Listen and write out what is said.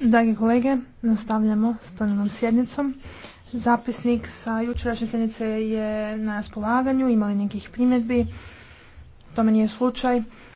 Dragi kolege, nastavljamo s plenarnom sjednicom. Zapisnik sa jučerašnje sjednice je na raspolaganju, imali nekih primjedbi, tome nije slučaj.